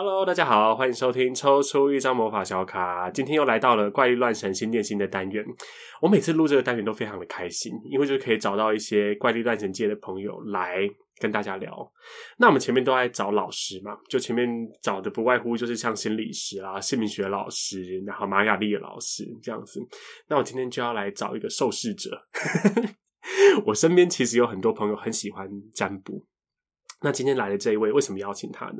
Hello，大家好，歡迎收聽抽出一張魔法小卡。今天又來到了怪力亂神心電心的單元。我每次錄這個單元都非常的開心，因為就可以找到一些怪力亂神界的朋友來跟大家聊。那我們前面都在找老師嘛，就前面找的不外乎就是像心理師啊、姓名學老師，然後瑪雅曆的老師這樣子。那我今天就要來找一個受試者。 我身邊其實有很多朋友很喜歡占卜。那今天來的這一位，為什麼邀請他呢？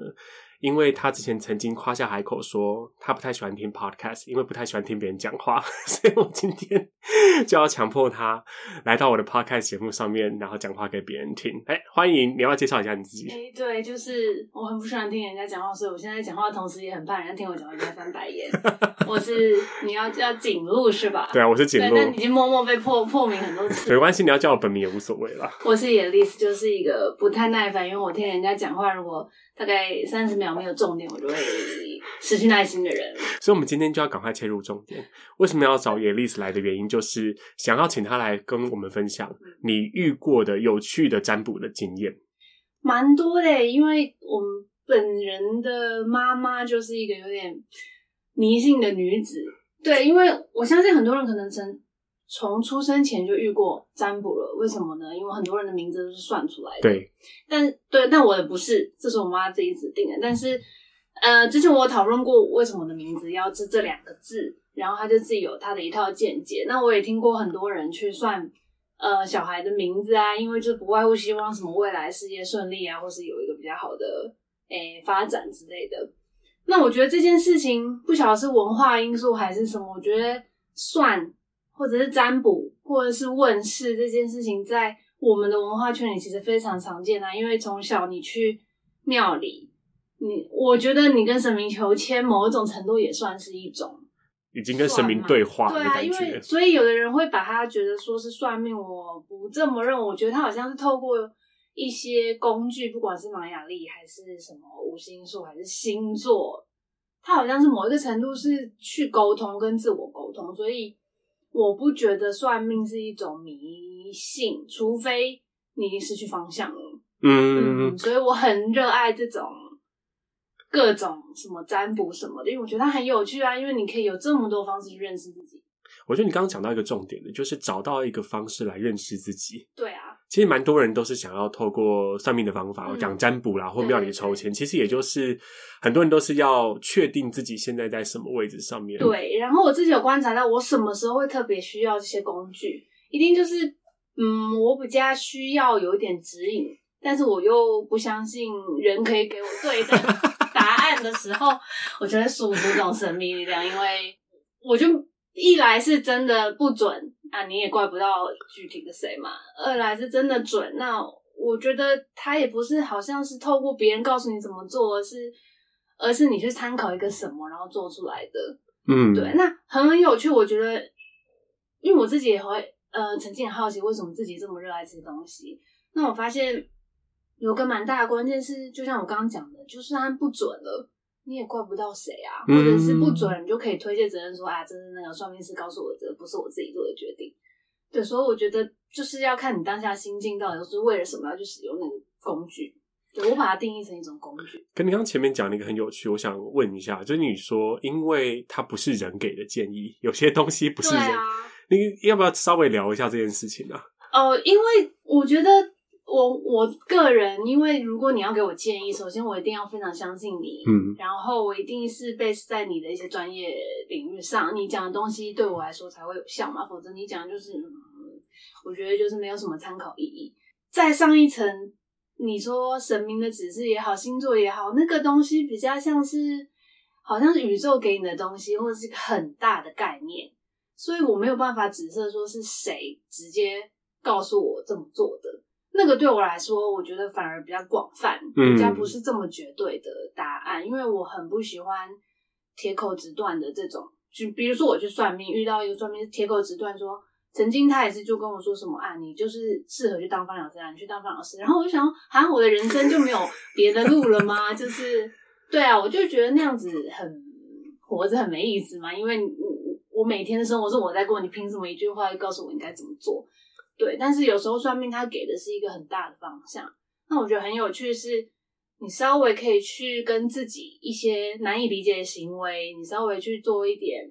因為他之前曾經誇下海口說他不太喜歡聽 podcast，因為不太喜歡聽別人講話，所以我今天就要強迫他來到我的 podcast 節目上面，然後講話給別人聽。哎、欸，歡迎！你要不要介紹一下你自己？哎、欸，對，就是我很不喜歡聽人家講話，所以我現在講話的同時也很怕人家聽我講話在翻白眼。我是你要叫景露是吧？ 對啊，我是景露。但你已經默默被破破名很多次， 沒關係，你要叫我本名也無所謂啦。 我是 Yeliz，就是一個不太耐煩，因為我聽人家講話，如果大概三十秒，沒有重點，我就會失去耐心的人。 所以，我們今天就要趕快切入重點。為什麼要找 Yeliz 來的原因，就是想要請她來跟我們分享你遇過的有趣的占卜的經驗。蠻、嗯、多的，因為我們本人的媽媽就是一個有點迷信的女子。對，因為我相信很多人可能曾從出生前就遇過占卜了，為什麼呢？因為很多人的名字都是算出來的。對，但對，但我的不是，這是我媽自己指定的。但是，呃，之前我有討論過為什麼我的名字要是這兩個字，然後她就自己有她的一套見解。那我也聽過很多人去算，呃，小孩的名字啊，因為就不外乎希望什麼未來事業順利啊，或是有一個比較好的誒、呃、發展之類的。那我覺得這件事情不曉得是文化因素還是什麼，我覺得算。或者是占卜，或者是問事，這件事情，在我們的文化圈裡其實非常常見啊。因為從小你去廟裡，你我覺得你跟神明求籤，某一種程度也算是一種，已經跟神明對話的感覺。對啊。所以有的人會把他覺得說是算命，我不這麼認。我覺得他好像是透過一些工具，不管是瑪雅曆還是什麼五行術，還是星座，他好像是某一個程度是去溝通跟自我溝通，所以。我不覺得算命是一種迷信，除非你已經失去方向了。嗯嗯，所以我很熱愛這種各種什麼占卜什麼的，因為我覺得它很有趣啊，因為你可以有這麼多方式去認識自己。我覺得你剛剛講到一個重點的，就是找到一個方式來認識自己。對啊。其實蠻多人都是想要透過算命的方法，講占卜啦，或廟裡抽籤、嗯，其實也就是很多人都是要確定自己現在在什麼位置上面。對，然後我自己有觀察到，我什麼時候會特別需要這些工具，一定就是嗯，我比較需要有一點指引，但是我又不相信人可以給我對的答案的時候， 我覺得屬於這種神秘力量，因為我就一來是真的不準。啊，你也怪不到具體的誰嘛。二來是真的準，那我覺得他也不是好像是透過別人告訴你怎麼做，而是而是你去參考一個什麼然後做出來的。嗯，對，那很很有趣，我覺得，因為我自己也會呃，曾經很好奇為什麼自己這麼熱愛這些東西。那我發現有個蠻大的關鍵是，就像我剛剛講的，就是他不準了。你也怪不到誰啊，或者是不準，你就可以推卸責任說，嗯，啊，真的那個算命師告訴我這個，不是我自己做的決定。對，所以我覺得就是要看你當下心境到底都是為了什麼要去使用那個工具。對，我把它定義成一種工具。跟你剛前面講了一個很有趣，我想問一下，就是你說因為它不是人給的建議，有些東西不是人，啊，你要不要稍微聊一下這件事情啊？呃，因為我覺得。我我個人，因為如果你要給我建議，首先我一定要非常相信你，嗯，然後我一定是 base 在你的一些專業領域上，你講的東西對我來說才會有效嘛，否則你講的就是、嗯，我覺得就是沒有什麼參考意義。再上一層，你說神明的指示也好，星座也好，那個東西比較像是，好像是宇宙給你的東西，或者是一個很大的概念，所以我沒有辦法指示說是誰直接告訴我這麼做的。那個對我來說，我覺得反而比較廣泛，比較不是這麼絕對的答案。嗯、因為我很不喜歡鐵口直斷的這種，就比如說我去算命，遇到一個算命鐵口直斷說，曾經他也是就跟我說什麼啊，你就是適合去當方老師啊，你去當方老師。然後我就想，蛤，我的人生就沒有別的路了嗎？ 就是對啊，我就覺得那樣子很活着很沒意思嘛，因為你我，我每天的生活是我在過，你憑什麼一句話就告訴我應該怎麼做？對，但是有時候算命他給的是一個很大的方向。那我覺得很有趣，是你稍微可以去跟自己一些難以理解的行為，你稍微去做一點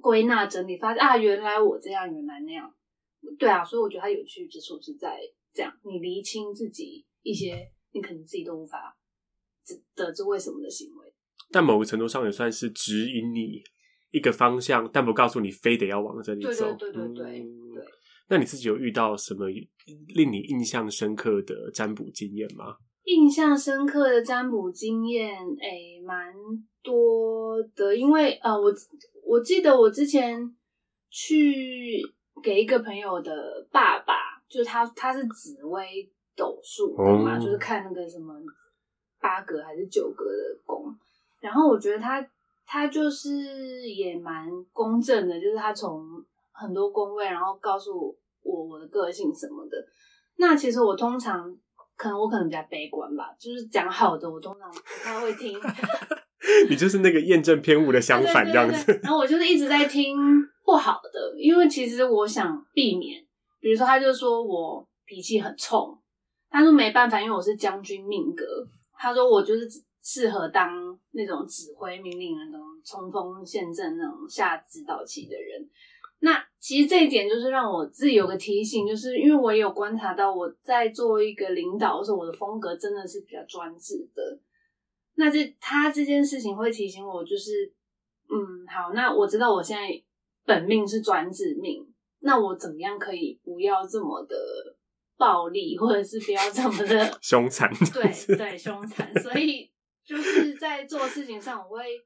歸納整理，發現啊，原來我這樣，原來那樣，對啊，所以我覺得它有趣之處、就是、是在這樣，你釐清自己一些你可能自己都無法得知為什麼的行為。但某個程度上也算是指引你一個方向，但不告訴你非得要往這裡走。對對對對對。嗯對那你自己有遇到什麼令你印象深刻的占卜經驗嗎？印象深刻的占卜經驗，誒、欸，蠻多的。因為呃，我我記得我之前去給一個朋友的爸爸，就他他是紫微斗數的嘛，oh. 就是看那個什麼八格還是九格的宮。然後我覺得他他就是也蠻公正的，就是他從很多宮位，然後告訴我。我我的個性什麼的，那其實我通常可能我可能比較悲觀吧，就是講好的我通常不太會聽 。 你就是那個驗證偏誤的相反這樣子。對對對對。然後我就是一直在聽不好的，因為其實我想避免。比如說他就說我脾氣很衝，他說沒辦法，因為我是將軍命格。他說我就是適合當那種指揮命令人那種衝鋒陷陣那種下指導棋的人。那其實這一點就是讓我自己有個提醒，就是因為我也有觀察到，我在做一個領導的時候，我的風格真的是比較專制的。那這他這件事情會提醒我，就是嗯，好，那我知道我現在本命是專制命，那我怎麼樣可以不要這麼的暴力，或者是不要這麼的 兇殘。對對，兇殘。所以就是在做事情上我會。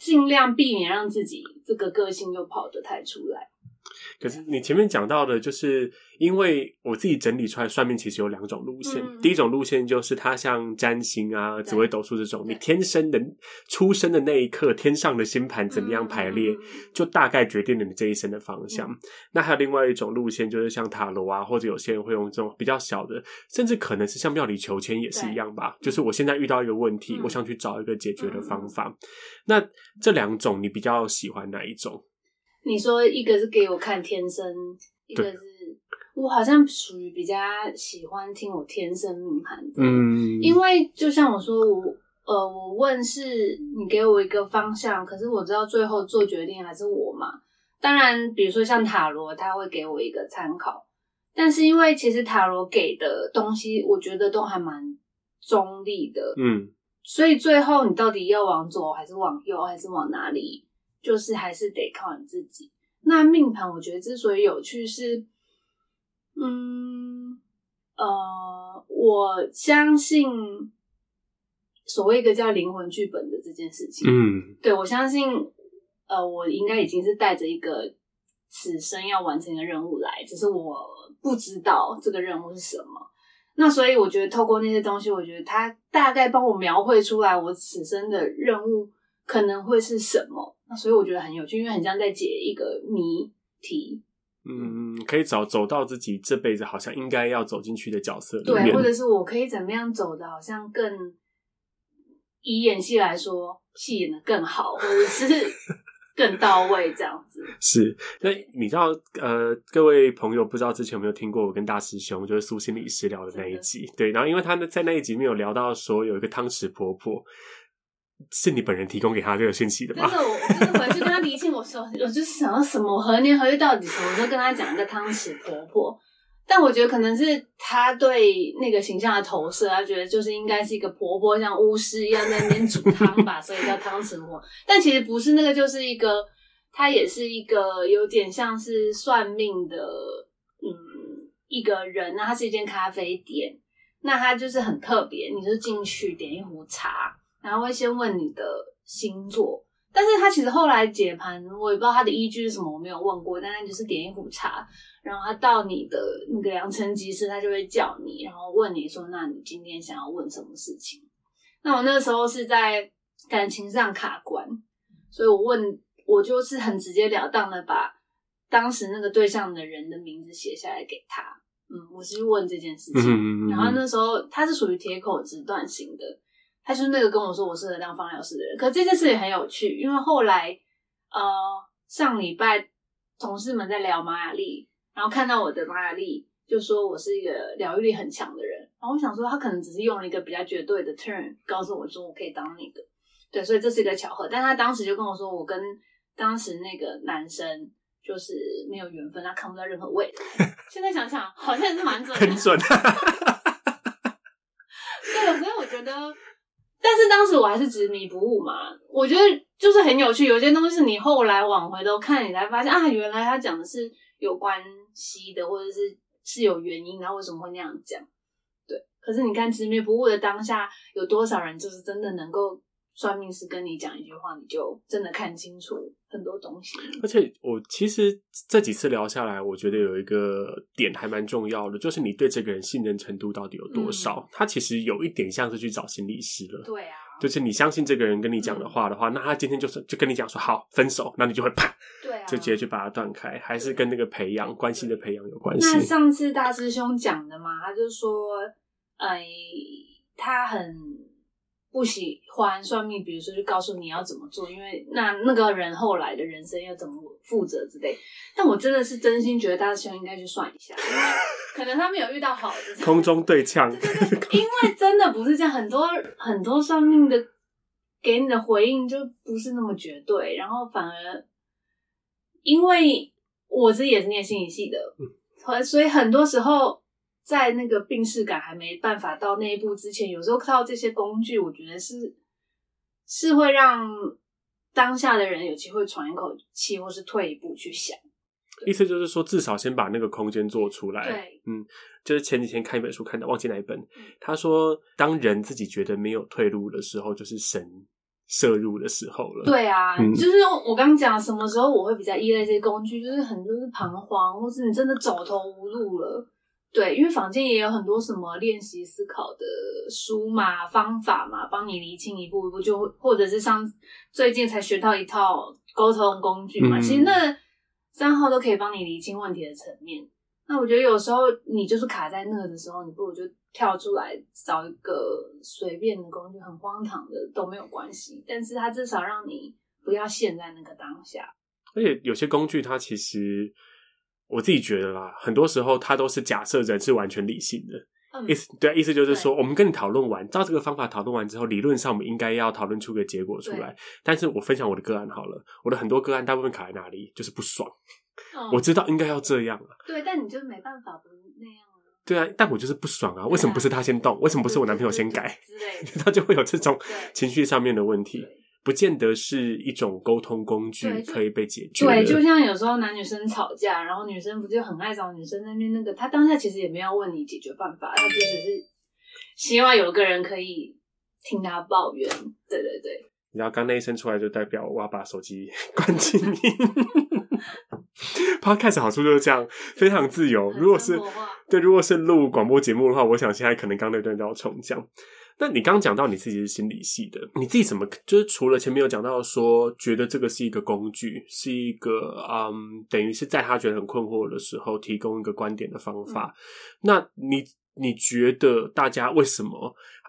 儘量避免讓自己這個個性又跑得太出來。可是你前面講到的，就是因為我自己整理出來算命，其實有兩種路線、嗯。第一種路線就是它像占星啊、紫微斗數這種，你天生的出生的那一刻，天上的星盤怎麼樣排列，嗯、就大概決定了你這一生的方向。嗯、那還有另外一種路線，就是像塔羅啊，或者有些人會用這種比較小的，甚至可能是像廟裡求籤也是一樣吧。就是我現在遇到一個問題，嗯、我想去找一個解決的方法。嗯、那這兩種，你比較喜歡哪一種？你說一個是給我看天生，一個是我好像屬於比較喜歡聽我天生命盤。嗯，因為就像我說，我呃，我問是，你給我一個方向，可是我知道最後做決定還是我嘛。當然，比如說像塔羅，他會給我一個參考，但是因為其實塔羅給的東西，我覺得都還蠻中立的。嗯，所以最後你到底要往左還是往右，還是往哪裡？就是還是得靠你自己。那命盤，我覺得之所以有趣是，嗯，呃，我相信所謂一個叫靈魂劇本的這件事情，嗯，對，我相信，呃，我應該已經是帶着一個此生要完成的任務來，只是我不知道這個任務是什麼。那所以我覺得透過那些東西，我覺得他大概幫我描繪出來我此生的任務可能會是什麼。所以我覺得很有趣，因為很像在解一個謎題。嗯，可以找走到自己這輩子好像應該要走進去的角色。對，或者是我可以怎麼樣走的，好像更以演戲來說，戲演得更好，或者是更到位，這樣子。 是，那你知道呃，各位朋友不知道之前有沒有聽過我跟大師兄，就是蘇心理師聊的那一集？對，然後因為他們在那一集沒有聊到說有一個湯匙婆婆。是你本人提供給他這個信息的吧？但是我我我、就是、回去跟他離線，我說我就是想要什麼何年何月到底什麼，我就跟他講一個湯匙婆婆。但我覺得可能是他對那個形象的投射，他覺得就是應該是一個婆婆像巫師一樣在那邊煮湯吧，所以叫湯匙婆婆。 但其實不是那個，就是一個他也是一個有點像是算命的嗯一個人。那他是一間咖啡店，那他就是很特別，你就進去點一壺茶。然後會先問你的星座，但是他其實後來解盤，我也不知道他的依據是什麼，我沒有問過。但他就是點一壺茶，然後他到你的那個良辰吉時，他就會叫你，然後問你說：“那你今天想要問什麼事情？”那我那時候是在感情上卡關，所以我問，我就是很直截了當的把當時那個對象的人的名字寫下來給他。嗯，我是去問這件事情。嗯嗯嗯然後那時候他是屬於鐵口直斷型的。他就是那個跟我說我是能量芳療師的人，可這件事也很有趣，因為後來，呃，上禮拜同事們在聊瑪雅曆，然後看到我的瑪雅曆，就說我是一個療癒力很強的人。然後我想說，他可能只是用了一個比較絕對的 term，告訴我說我可以當那個。對，所以這是一個巧合。但他當時就跟我說，我跟當時那個男生就是沒有緣分，他看不到任何未來 現在想想，好像是蠻準的， 很準。 對了，所以我覺得。但是當時我還是執迷不悟嘛，我覺得就是很有趣，有些東西你後來往回頭看，你才發現啊，原來他講的是有關係的，或者是是有原因，然後為什麼會那樣講？對。可是你看執迷不悟的當下，有多少人就是真的能夠算命師跟你講一句話，你就真的看清楚。很多東西，而且我其實這幾次聊下來，我覺得有一個點還蠻重要的，就是你對這個人信任程度到底有多少？嗯、他其實有一點像是去找心理師了，對、嗯、啊，就是你相信這個人跟你講的話的話、嗯，那他今天就是就跟你講說好分手，那你就會啪，對、嗯、啊，就直接去把他斷開，還是跟那個培養關係的培養有關係？那上次大師兄講的嘛，他就說，哎、欸，他很。不喜歡算命，比如說就告訴你要怎麼做，因為那那個人後來的人生要怎麼負責之類。但我真的是真心覺得大家其實應該去算一下， 因為可能他們有遇到好的。 空中對嗆。 因為真的不是這樣，很多很多算命的給你的回應就不是那麼絕對，然後反而因為我自己也是念心理系的，嗯，所以很多時候。在那個病識感還沒辦法到那一步之前，有時候靠這些工具，我覺得是是會讓當下的人有機會喘一口氣，或是退一步去想。意思就是說，至少先把那個空間做出來。對，嗯，就是前幾天看一本書，看到忘記哪一本，嗯，他說，當人自己覺得沒有退路的時候，就是神涉入的時候了。對啊，嗯、就是我剛剛講，什麼時候我會比較依賴這些工具，就是很多是彷徨，或是你真的走投無路了。對，因為坊間也有很多什麼練習思考的書嘛、方法嘛，幫你釐清一步一步就會，或者是像最近才學到一套溝通工具嘛，嗯嗯，其實那三號都可以幫你釐清問題的層面。那我覺得有時候你就是卡在那個的時候，你不如就跳出來找一個隨便的工具，很荒唐的都沒有關係，但是它至少讓你不要陷在那個當下。而且有些工具它其實。我自己覺得啦，很多時候他都是假設人是完全理性的，嗯、意思。對啊，意思就是說，我們跟你討論完，照這個方法討論完之後，理論上我們應該要討論出個結果出來。但是我分享我的個案好了，我的很多個案大部分卡在哪裡，就是不爽、哦。我知道應該要這樣啊，對，但你就沒辦法不那樣了。對啊，但我就是不爽啊！為什麼不是他先動？為什麼不是我男朋友先改？他 就會有這種情緒上面的問題。不見得是一種溝通工具可以被解決，對。對，就像有時候男女生吵架，然後女生不就很愛找女生那邊那個，她當下其實也沒有問你解決辦法，她就只是希望有個人可以聽她抱怨。對對對，然後剛那一聲出來就代表我要把手機關靜音。 他開始好處就是這樣，非常自由。如果是對，如果是錄廣播節目的話，我想現在可能剛那段都要重講。那你剛講到你自己是心理系的，你自己怎麼就是除了前面有講到說，覺得這個是一個工具，是一個嗯，等於是在他覺得很困惑的時候提供一個觀點的方法。嗯、那你。你覺得大家為什麼？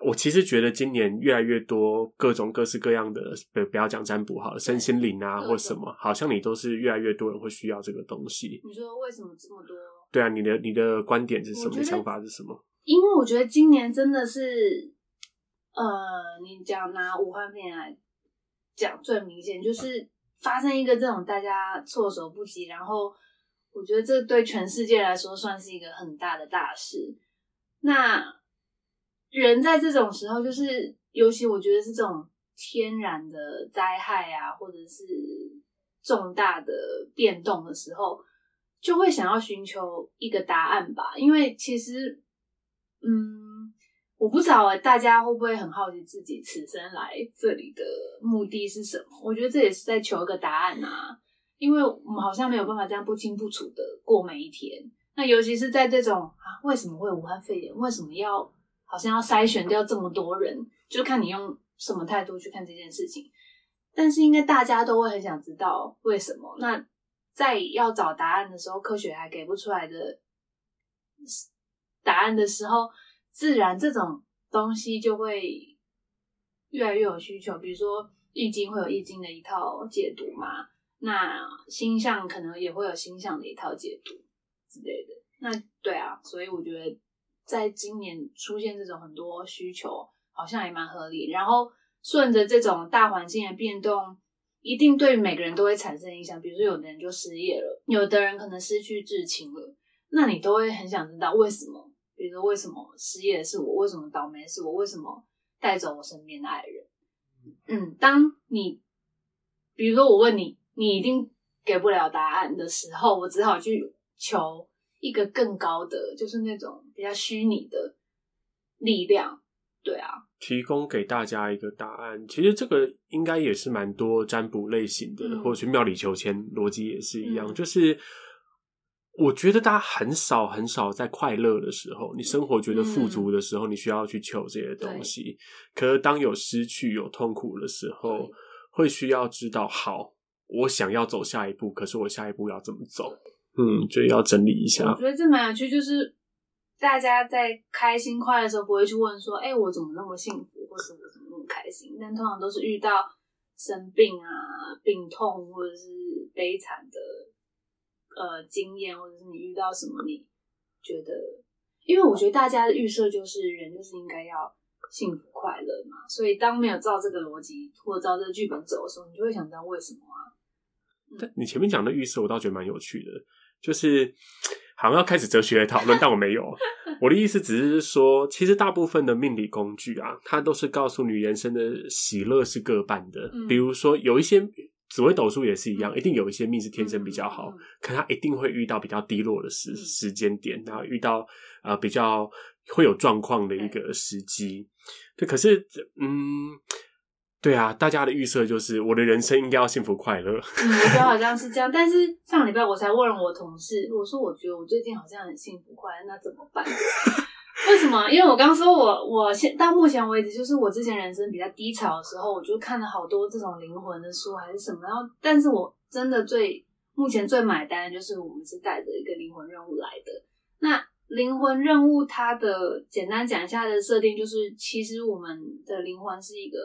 我其實覺得今年越來越多各種各式各樣的，不不要講占卜好了，身心靈啊，或什麼對對對，好像你都是越來越多人會需要這個東西。你說為什麼這麼多？對啊，你的你的觀點是什麼？想法是什麼？因為我覺得今年真的是，呃，你講拿武漢肺炎來講，最明顯就是發生一個這種大家措手不及，然後我覺得這對全世界來說算是一個很大的大事。那人在這種時候，就是尤其我覺得是這種天然的災害啊，或者是重大的變動的時候，就會想要尋求一個答案吧。因為其實，嗯，我不知道大家會不會很好奇自己此生來這裡的目的是什麼。我覺得這也是在求一個答案啊，因為我們好像沒有辦法這樣不清不楚的過每一天。那尤其是在這種啊，為什麼會有武漢肺炎？為什麼要好像要篩選掉這麼多人？就看你用什麼態度去看這件事情。但是，應該大家都會很想知道為什麼。那在要找答案的時候，科學還給不出來的答案的時候，自然這種東西就會越來越有需求。比如說易經會有易經的一套解讀嘛，那星象可能也會有星象的一套解讀之類的，那對啊，所以我覺得，在今年出現這種很多需求，好像也蠻合理。然後，順着這種大環境的變動，一定對每個人都會產生影響。比如說，有的人就失業了，有的人可能失去至親了，那你都會很想知道為什麼？比如說，為什麼失業的是我？為什麼倒霉的是我？為什麼帶走我身邊的愛人？嗯，當你比如說我問你，你一定給不了答案的時候，我只好去。求一個更高的，就是那種比較虛擬的力量，對啊。提供給大家一個答案，其實這個應該也是蠻多占卜類型的，嗯、或者去廟裡求籤，邏輯也是一樣、嗯。就是我覺得大家很少很少在快樂的時候、嗯，你生活覺得富足的時候，嗯、你需要去求這些東西。可是當有失去、有痛苦的時候，會需要知道，好，我想要走下一步，可是我下一步要怎麼走？嗯，所以要整理一下。我覺得這蠻有趣，就是大家在開心快樂的時候，不會去問說：“哎、欸，我怎麼那麼幸福，或者怎麼怎麼那麼開心？”但通常都是遇到生病啊、病痛，或者是悲慘的呃經驗，或者是你遇到什麼，你覺得，因為我覺得大家的預設就是人就是應該要幸福快樂嘛，所以當沒有照這個邏輯或照這個劇本走的時候，你就會想知道為什麼啊？嗯、你前面講的預設，我倒覺得蠻有趣的。就是好像要開始哲學討論，但我沒有。 我的意思只是說，其實大部分的命理工具啊，它都是告訴你人生的喜樂是各半的。比如說，有一些紫微斗數也是一樣、嗯，一定有一些命是天生比較好，嗯嗯、可它一定會遇到比較低落的時、嗯、時間點，然後遇到呃比較會有狀況的一個時機、嗯。對，可是嗯。對啊，大家的預設就是我的人生應該要幸福快樂。嗯，我覺得好像是這樣。但是上禮拜我才問了我同事，我說：“我覺得我最近好像很幸福快樂，那怎麼辦？ 為什麼？因為我剛說我我現到目前為止，就是我之前人生比較低潮的時候，我就看了好多這種靈魂的書還是什麼。然後，但是我真的最目前最買單就是我們是帶着一個靈魂任務來的。那靈魂任務它的簡單講一下的設定就是，其實我們的靈魂是一個。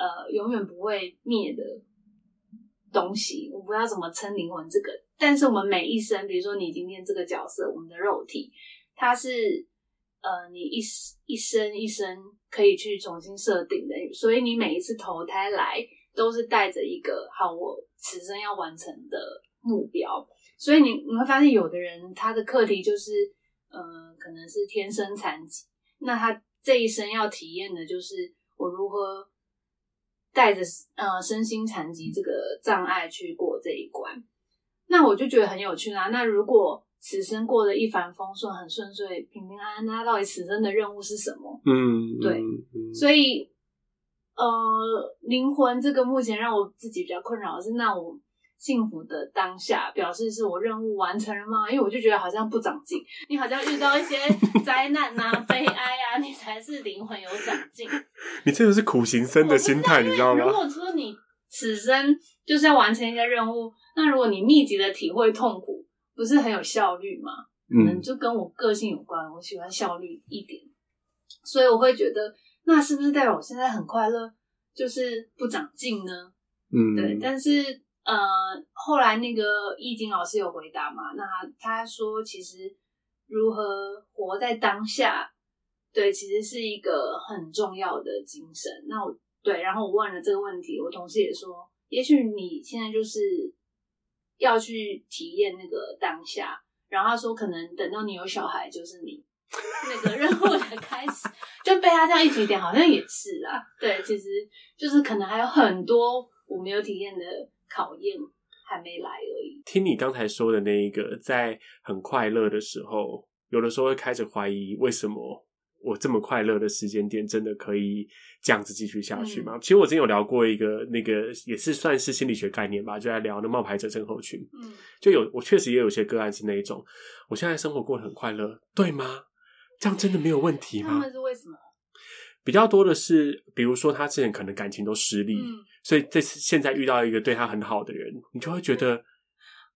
呃，永遠不會滅的東西，我不知道怎麼稱靈魂這個。但是我們每一生，比如說你今天這個角色，我們的肉體，它是呃，你一一生一生可以去重新設定的。所以你每一次投胎來，都是帶着一個“好，我此生要完成的目標”。所以你你會發現，有的人他的課題就是，呃，可能是天生殘疾，那他這一生要體驗的就是我如何。帶着呃身心殘疾這個障礙去過這一關，那我就覺得很有趣啦、啊。那如果此生過得一帆風順、很順遂、平平安安，那到底此生的任務是什麼？嗯，對。嗯、所以呃，靈魂這個目前讓我自己比較困擾的是，那我。幸福的當下，表示是我任務完成了嗎？因為我就覺得好像不長進，你好像遇到一些災難啊、 悲哀啊，你才是靈魂有長進。 你真的是苦行僧的心態，你知道嗎？如果說你此生就是要完成一些任務，那如果你密集的體會痛苦，不是很有效率嗎？嗯，就跟我個性有關，我喜歡效率一點，所以我會覺得，那是不是代表我現在很快樂，就是不長進呢？嗯，對，但是。呃，後來那個易經老師有回答嘛？那他說，其實如何活在當下，對，其實是一個很重要的精神。那我對，然後我問了這個問題，我同事也說，也許你現在就是要去體驗那個當下。然後他說，可能等到你有小孩，就是你那個任務的開始。就被他這樣一提點，好像也是啊。對，其實就是可能還有很多我沒有體驗的。考驗還沒來而已。聽你剛才說的那一個，在很快樂的時候，有的時候會開始懷疑，為什麼我這麼快樂的時間點，真的可以這樣子繼續下去嗎？嗯。其實我之前有聊過一個，那個也是算是心理學概念吧，就在聊那冒牌者症候群。嗯，就有，我確實也有些個案是那一種，我現在生活過得很快樂，對嗎？這樣真的沒有問題嗎？他們是為什麼？比較多的是，比如說他之前可能感情都失利，嗯，所以這次現在遇到一個對他很好的人，你就會覺得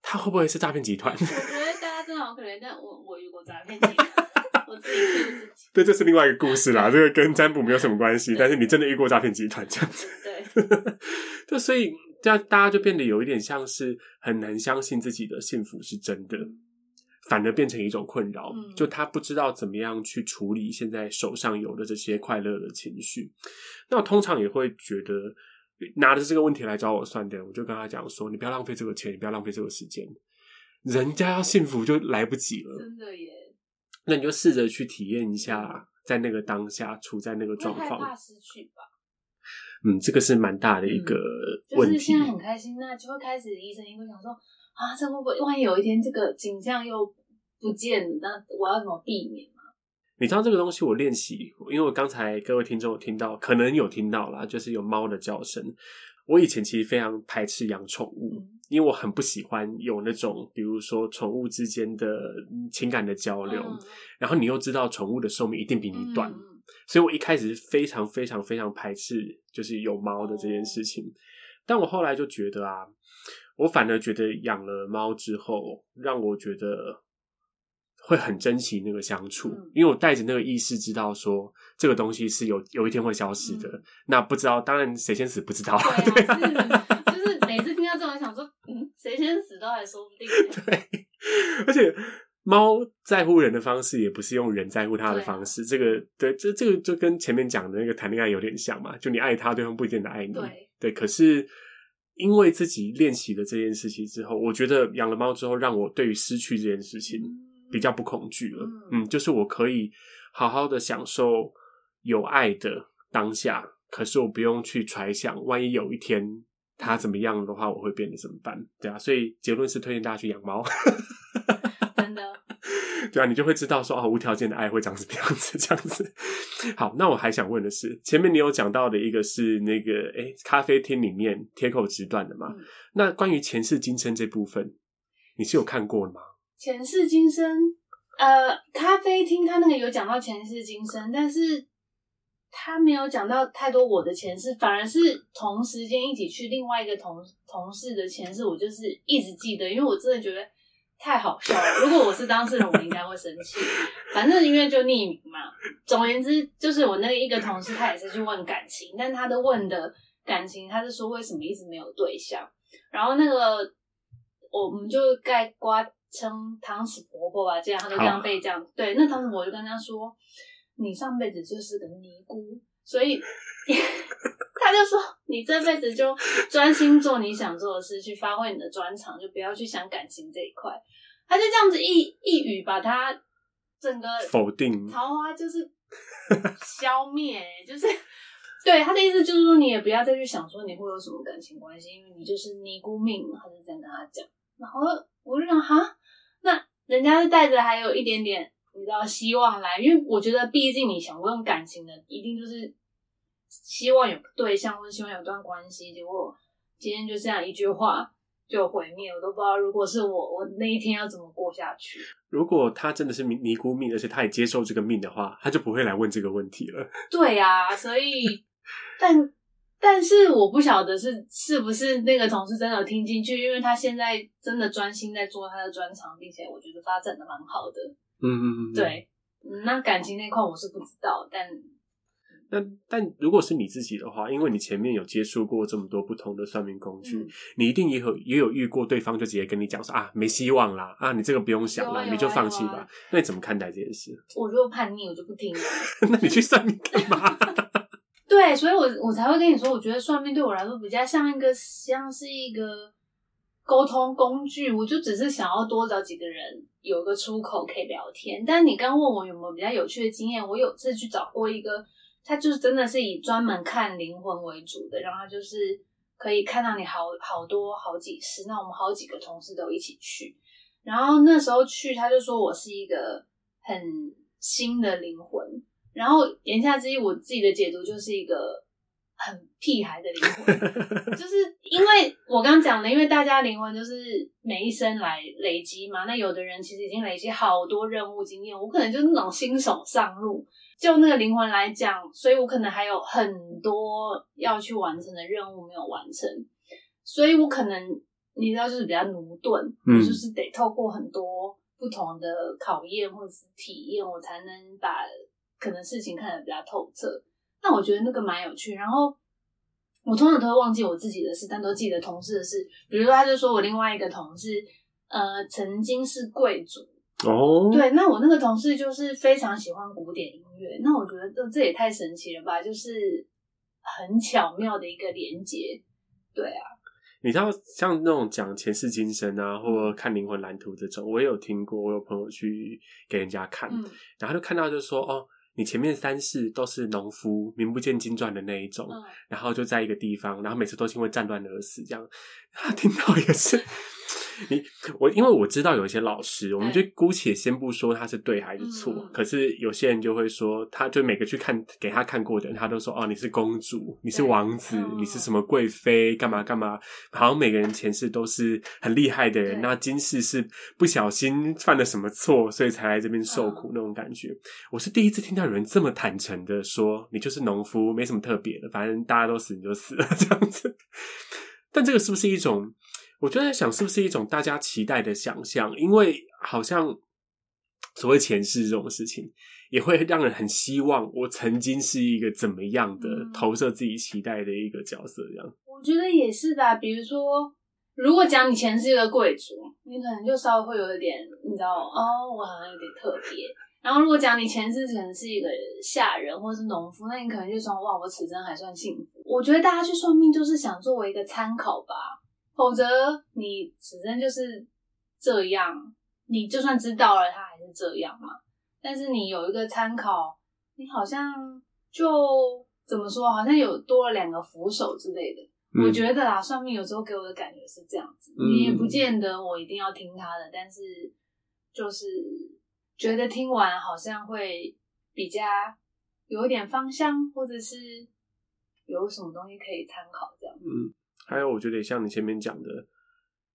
他會不會是詐騙集團？我覺得大家真的好可憐， 但我我遇過詐騙集團， 我自己遇過自己。對，這是另外一個故事啦， 這個跟占卜沒有什麼關係。但是你真的遇過詐騙集團這樣子？對。對 就所以，這樣大家就變得有一點像是很難相信自己的幸福是真的。嗯反而變成一種困擾，嗯，就他不知道怎麼樣去處理現在手上有的這些快樂的情緒。那我通常也會覺得拿着這個問題來找我算的，我就跟他講說：“你不要浪費這個錢，你不要浪費這個時間，人家要幸福就來不及了。”真的耶？那你就試着去體驗一下，在那個當下處在那個狀況，失去吧？嗯，這個是蠻大的一個問題。現在很開心，那就會開始醫生因為想說。啊，這會不會萬一有一天這個景象又不見，那我要怎麼避免啊？你知道這個東西，我練習，因為我剛才各位聽眾有聽到，可能有聽到啦，就是有貓的叫聲。我以前其實非常排斥養寵物，嗯，因為我很不喜歡有那種，比如說寵物之間的情感的交流，嗯，然後你又知道寵物的壽命一定比你短，嗯，所以我一開始是非常非常非常排斥，就是有貓的這件事情。但我後來就覺得啊。我反而覺得養了貓之後，讓我覺得會很珍惜那個相處，嗯、因為我帶着那個意識，知道說這個東西是有有一天會消失的。嗯、那不知道，當然誰先死不知道。嗯對啊、是 就是每次聽到這種，想說嗯，誰先死都還說不定。對，而且貓在乎人的方式，也不是用人在乎他的方式。這個對，這個、對這個就跟前面講的那個談戀愛有點像嘛，就你愛他，對方不一定得愛你對。對，可是。因為自己練習了這件事情之後，我覺得養了貓之後，讓我對於失去這件事情比較不恐懼了。嗯，就是我可以好好的享受有愛的當下，可是我不用去揣想，萬一有一天它怎麼樣的話，我會變得怎麼辦？對啊，所以結論是推薦大家去養貓。 對啊，你就會知道說啊，無條件的愛會長什麼樣子，這樣子。好，那我還想問的是，前面你有講到的一個是那個哎、欸，咖啡廳裡面鐵口直斷的嘛，嗯？那關於前世今生這部分，你是有看過的嗎？前世今生，呃，咖啡廳他那個有講到前世今生，但是他沒有講到太多我的前世，反而是同時間一起去另外一個同同事的前世，我就是一直記得，因為我真的覺得。太好笑了！如果我是當事人，我應該會生氣。 反正因為就匿名嘛，總而言之，就是我那個一個同事，他也是去問感情，但他的問的感情，他是說為什麼一直沒有對象。然後那個，我們就概括稱湯匙婆婆吧，這樣他就這樣被這樣。對，那湯匙婆婆就跟他說：“你上輩子就是個尼姑。”所以， 他就說：“你這輩子就專心做你想做的事，去發揮你的專長，就不要去想感情這一塊。”他就這樣子一一語把他整個否定，桃花就是、嗯、消滅、欸，就是對他的意思，就是說你也不要再去想說你會有什麼感情關係，因為你就是尼姑命。”他就在跟他講，然後我就想，哈，那人家的帶着還有一點點。比較希望來，因為我覺得，畢竟你想問感情的，一定就是希望有對象，或者希望有段關係。結果今天就這樣一句話就毀滅，我都不知道，如果是我，我那一天要怎麼過下去？如果他真的是尼尼姑命，而且他也接受這個命的話，他就不會來問這個問題了。對呀、啊，所以，但但是我不曉得是是不是那個同事真的有聽進去，因為他現在真的專心在做他的專長，並且我覺得發展得蠻好的。嗯嗯嗯，對，那感情那塊我是不知道，嗯、但那但如果是你自己的話，因為你前面有接觸過這麼多不同的算命工具，嗯、你一定也有也有遇過對方就直接跟你講說啊沒希望啦啊你這個不用想了、啊啊啊啊、你就放棄吧，那你怎麼看待這件事？我如果叛逆，我就不聽了。 那你去算命幹嘛？ 對，所以我我才會跟你說，我覺得算命對我來說比較像一個像是一個。溝通工具，我就只是想要多找幾個人，有個出口可以聊天。但你剛問我有沒有比較有趣的經驗，我有次去找過一個，他就是真的是以專門看靈魂為主的，然後他就是可以看到你好好多好幾世。那我們好幾個同事都一起去，然後那時候去，他就說我是一個很新的靈魂，然後言下之意，我自己的解讀就是一個。很屁孩的靈魂， 就是因為我剛剛講了，因為大家靈魂就是每一生來累積嘛。那有的人其實已經累積好多任務經驗，我可能就是那種新手上路，就那個靈魂來講，所以我可能還有很多要去完成的任務沒有完成，所以我可能你知道，就是比較駑鈍，嗯，就是得透過很多不同的考驗或者是體驗，我才能把可能事情看得比較透徹。那我覺得那個蠻有趣，然後我通常都會忘記我自己的事，但都記得同事的事。比如說，他就說我另外一個同事，呃，曾經是貴族哦。Oh. 對，那我那個同事就是非常喜歡古典音樂。那我覺得這這也太神奇了吧，就是很巧妙的一個連結。對啊，你知道像那種講前世今生啊，或看靈魂藍圖這種，我也有聽過，我有朋友去給人家看，嗯、然後就看到就說哦。你前面三世都是農夫，名不見經傳的那一種，嗯，然後就在一個地方，然後每次都是因為戰亂而死，這樣他聽到也是。你我因為我知道有一些老師，我們就姑且先不說他是對還是錯，嗯，可是有些人就會說，他就每個去看給他看過的人，他都說哦，你是公主，你是王子，你是什麼貴妃，幹嘛幹嘛，好像每個人前世都是很厲害的人，那今世是不小心犯了什麼錯，所以才來這邊受苦，嗯，那種感覺。我是第一次聽到有人這麼坦誠的說，你就是農夫，沒什麼特別的，反正大家都死，你就死了這樣子。但這個是不是一種？我就在想，是不是一種大家期待的想象？因為好像所謂前世這種事情，也會讓人很希望我曾經是一個怎麼樣的，投射自己期待的一個角色這樣。我覺得也是吧。比如說，如果講你前世是一個貴族，你可能就稍微會有一點，你知道哦，我好像有點特別。然後，如果講你前世可能是一個下人或是農夫，那你可能就說哇，我此生還算幸福。我覺得大家去算命就是想作為一個參考吧。否則你始終就是這樣，你就算知道了，它還是這樣嘛。但是你有一個參考，你好像就怎麼說，好像有多了兩個扶手之類的。嗯、我覺得啊，算命有時候給我的感覺是這樣子、嗯，你也不見得我一定要聽他的，但是就是覺得聽完好像會比較有一點方向，或者是有什麼東西可以參考這樣子。嗯還有，我覺得像你前面講的，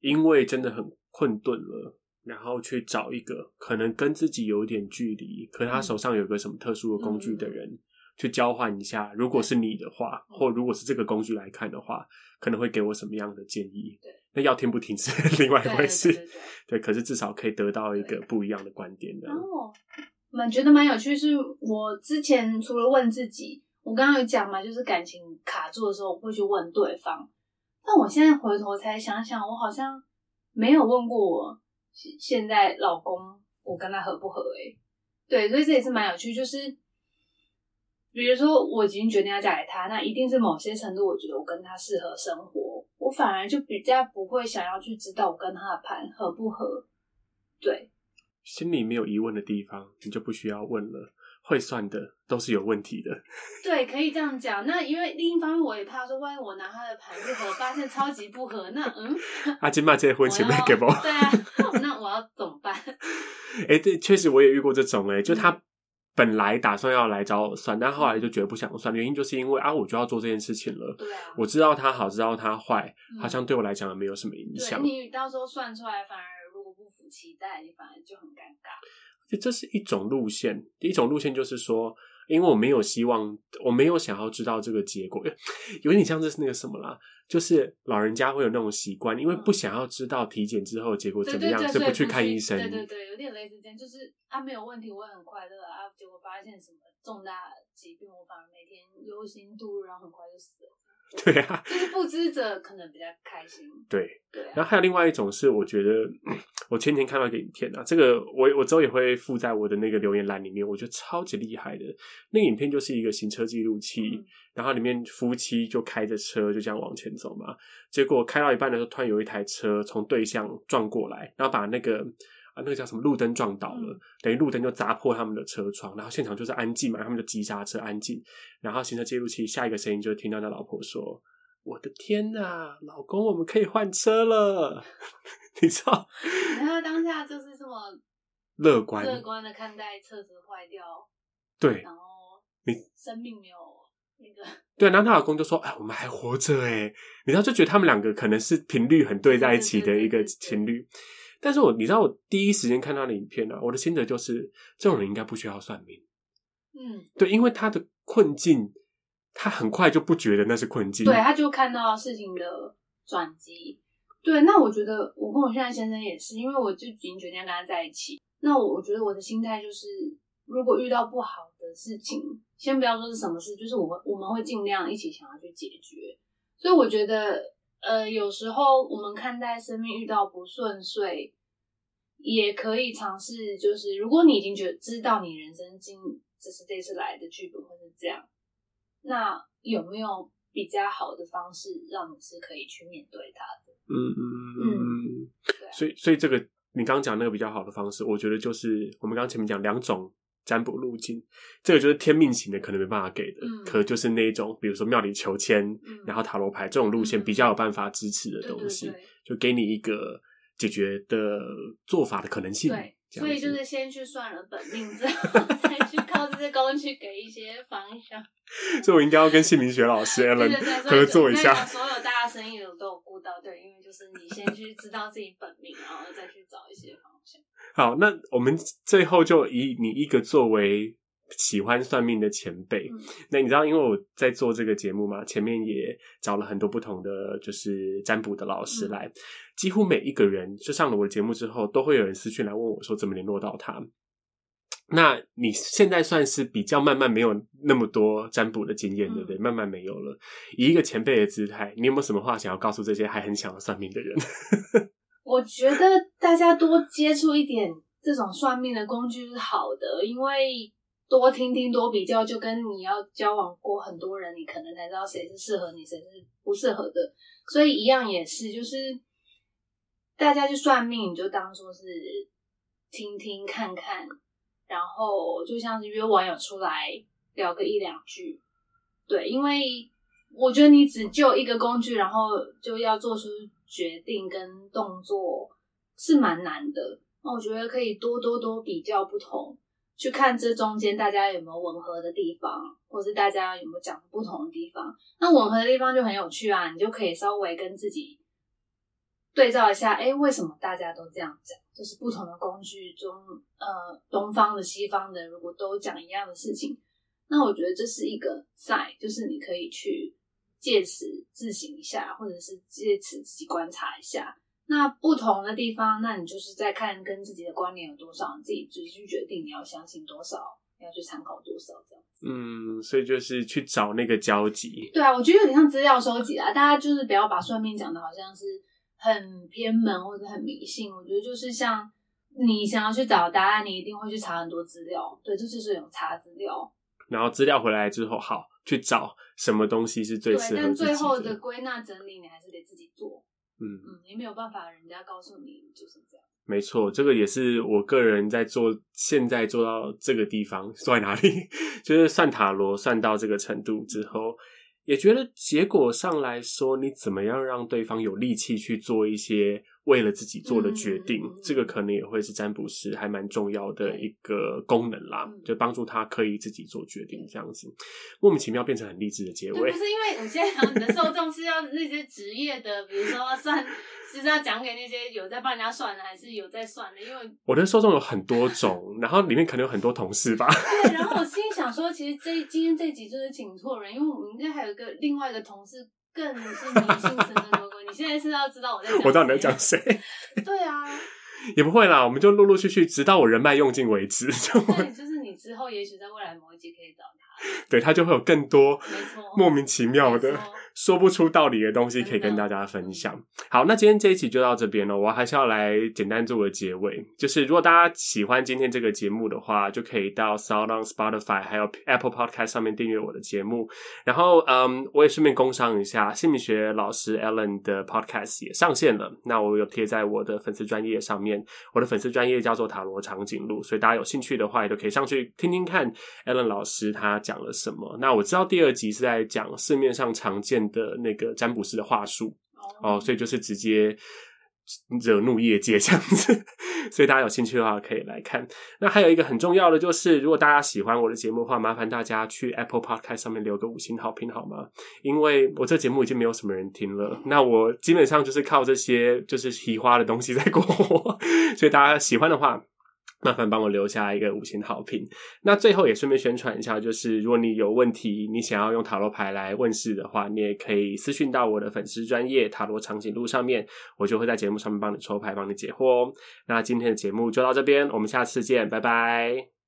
因為真的很困頓了，然後去找一個可能跟自己有一點距離，可他手上有個什麼特殊的工具的人、嗯嗯嗯嗯嗯嗯嗯嗯、去交換一下。如果是你的話，或如果是這個工具來看的話，可能會給我什麼樣的建議？那要聽不聽是另外一回事，對對對對。對，可是至少可以得到一個不一樣的觀點。哦，蠻覺得蠻有趣。是，我之前除了問自己，我剛剛有講嘛，就是感情卡住的時候，我會去問對方。那我現在回頭才想想，我好像沒有問過我現在老公，我跟他合不合，欸？誒對，所以這也是蠻有趣。就是比如說，我已經決定要嫁給他，那一定是某些程度，我覺得我跟他適合生活，我反而就比較不會想要去知道我跟他的盤合不合。對，心裡沒有疑問的地方，你就不需要問了。會算的都是有問題的，對，可以這樣講。那因為另一方面，我也怕說，萬一我拿他的盤不合，我發現超級不合，那嗯，阿金爸結婚前被給爆， 對啊，那我要怎麼辦？哎、欸，對確實我也遇過這種、欸，哎，就他本來打算要來找我算、嗯，但後來就覺得不想算，原因就是因為啊，我就要做這件事情了，對、啊、我知道他好，知道他壞，好像對我來講也沒有什麼影響、嗯。你到時候算出來反而如果不符期待，你反而就很尷尬。這這是一種路線，第一種路線就是說，因為我沒有希望，我沒有想要知道這個結果。哎，有點像這是那個什麼啦，就是老人家會有那種習慣，因為不想要知道體檢之後結果怎麼樣，就、嗯、不去看醫生。對對對，對，有點類似這樣，就是他、啊、沒有問題，我也很快樂啊，啊。結果發現什麼重大疾病，我反而每天憂心度日，然後很快就死了。對呀、啊，就是不知者可能比較開心。對，對、啊。然後還有另外一種是，我覺得我前天看到一個影片啊，這個我我之後也會附在我的那個留言欄裡面，我覺得超級厲害的那個影片就是一個行車記錄器、嗯，然後裡面夫妻就開着車就這樣往前走嘛，結果開到一半的時候，突然有一台車從對向撞過來，然後把那個。啊，那個叫什麼？路燈撞倒了，等於路燈就砸破他們的車窗，然後現場就是安靜嘛，他們就急剎車，安靜。然後行車記錄器下一個聲音就是聽到那老婆說：“我的天哪、啊，老公，我們可以換車了。 ”你知道？然後當下就是這麼樂觀樂觀的看待車子壞掉，對。然後你生命沒有那個對，然後他老公就說：“ 哎，我們還活着哎。”你知道，就覺得他們兩個可能是頻率很對在一起的一個情侶。但是我你知道我第一時間看到的影片啊，我的心得就是這種人應該不需要算命，嗯，對，因為他的困境，他很快就不覺得那是困境，對，他就看到事情的轉機，對，那我覺得我跟我現在先生也是，因為我就已經決定要跟他在一起，那我我覺得我的心態就是，如果遇到不好的事情，先不要說是什麼事，就是我們我們會盡量一起想要去解決，所以我覺得。呃，有時候我們看待生命遇到不順遂，也可以嘗試，就是如果你已經覺得知道你人生經，就是這次來的劇本會是這樣，那有沒有比較好的方式讓你是可以去面對它的？嗯嗯嗯嗯、啊，所以所以這個你剛剛講那個比較好的方式，我覺得就是我們剛剛前面講兩種。占卜路徑，這個就是天命型的，可能沒辦法給的。嗯、可就是那種，比如說廟裡求籤，嗯，然後塔羅牌這種路線，比較有辦法支持的東西，嗯對對對，就給你一個解決的做法的可能性。所以就是先去算了本命，之後再去靠這些工具給一些方向。 所以，我應該要跟姓名學老師 合作一下。 對的對所， 所，所，所有大家生意的都有顧到，對，因為就是你先去知道自己本命，然後再去找一些方向。好，那我們最後就以你一個作為。喜歡算命的前輩，嗯、那你知道，因為我在做這個節目嘛，前面也找了很多不同的就是占卜的老師來、嗯，幾乎每一個人就上了我的節目之後，都會有人私訊來問我說怎麼聯絡到他。那你現在算是比較慢慢沒有那麼多占卜的經驗，嗯、對不對？慢慢沒有了，以一個前輩的姿態，你有沒有什麼話想要告訴這些還很想要算命的人？ 我覺得大家多接觸一點這種算命的工具是好的，因為。多聽聽多比較，就跟你要交往過很多人，你可能才知道誰是適合你，誰是不適合的。所以一樣也是，就是大家去算命，你就當做是聽聽看看，然後就像是約網友出來聊個一兩句。對，因為我覺得你只就一個工具，然後就要做出決定跟動作是蠻難的。那我覺得可以多多多比較不同，去看這中間大家有沒有吻合的地方，或是大家有沒有講不同的地方。那吻合的地方就很有趣啊，你就可以稍微跟自己對照一下，哎，為什麼大家都這樣講？就是不同的工具中，呃，東方的、西方的，如果都講一樣的事情，那我覺得這是一個 sign，就是你可以去借此自省一下，或者是借此自己觀察一下。那不同的地方，那你就是在看跟自己的觀念有多少，你自己自己去決定你要相信多少，要去參考多少這樣子。嗯，所以就是去找那個交集。對啊，我覺得有點像資料收集啊。大家就是不要把算命講的好像是很偏門或者很迷信。我覺得就是像你想要去找答案，你一定會去查很多資料。對，這就，就是有查資料。然後資料回來之後，好去找什麼東西是最適合自己的。對，但最後的歸納整理，你還是得自己做。嗯嗯，也沒有辦法，人家告訴你就是這樣。沒錯，這個也是我個人在做，現在做到這個地方，算哪裡，就是算塔羅算到這個程度之後，也覺得結果上來說，你怎麼樣讓對方有力氣去做一些。為了自己做的決定，嗯，這個可能也會是占卜師還蠻重要的一個功能啦，嗯、就幫助他可以自己做決定這樣子，莫名其妙變成很勵志的結尾。對，不是，因為我現在講，你的受眾是要那些職業的， 比如說算，就是要講給那些有在幫人家算的，還是有在算的？因為我的受眾有很多種， 然後裡面可能有很多同事吧。對，然後我心想說，其實這一，今天這一集就是請錯人，因為我們應該還有一個另外一個同事，更是明星神的，那個。 你現在是要知道我在，我到底在講誰？對啊，也不會啦，我們就陸陸續續，直到我人脈用盡為止。就對，就是你之後也許在未來某一集可以找他，對他就會有更多，沒錯，莫名其妙的。說不出道理的東西可以跟大家分享。好，那今天這一集就到這邊了。我還是要來簡單做個結尾，就是如果大家喜歡今天這個節目的話，就可以到 SoundOn、Spotify 還有 Apple Podcast 上面訂閱我的節目。然後，嗯，我也順便工商一下心理學老師 Ellen 的 Podcast 也上線了。那我有貼在我的粉絲專頁上面，我的粉絲專頁叫做塔羅長頸鹿，所以大家有興趣的話，也都可以上去聽聽看 Ellen 老師他講了什麼。那我知道第二集是在講市面上常見的的那個占卜師的話術哦，所以就是直接惹怒業界這樣子，所以大家有興趣的話可以來看。那還有一個很重要的就是，如果大家喜歡我的節目的話，麻煩大家去 Apple Podcast 上面留個五星好評好嗎？因為我這節目已經沒有什麼人聽了，那我基本上就是靠這些就是皮花的東西在過活，所以大家喜歡的話。麻煩幫我留下一個五星的好評。那最後也順便宣傳一下，就是如果你有問題，你想要用塔羅牌來問事的話，你也可以私訊到我的粉絲專頁塔羅長頸鹿上面，我就會在節目上面幫你抽牌，幫你解惑哦。那今天的節目就到這邊，我們下次見，拜拜。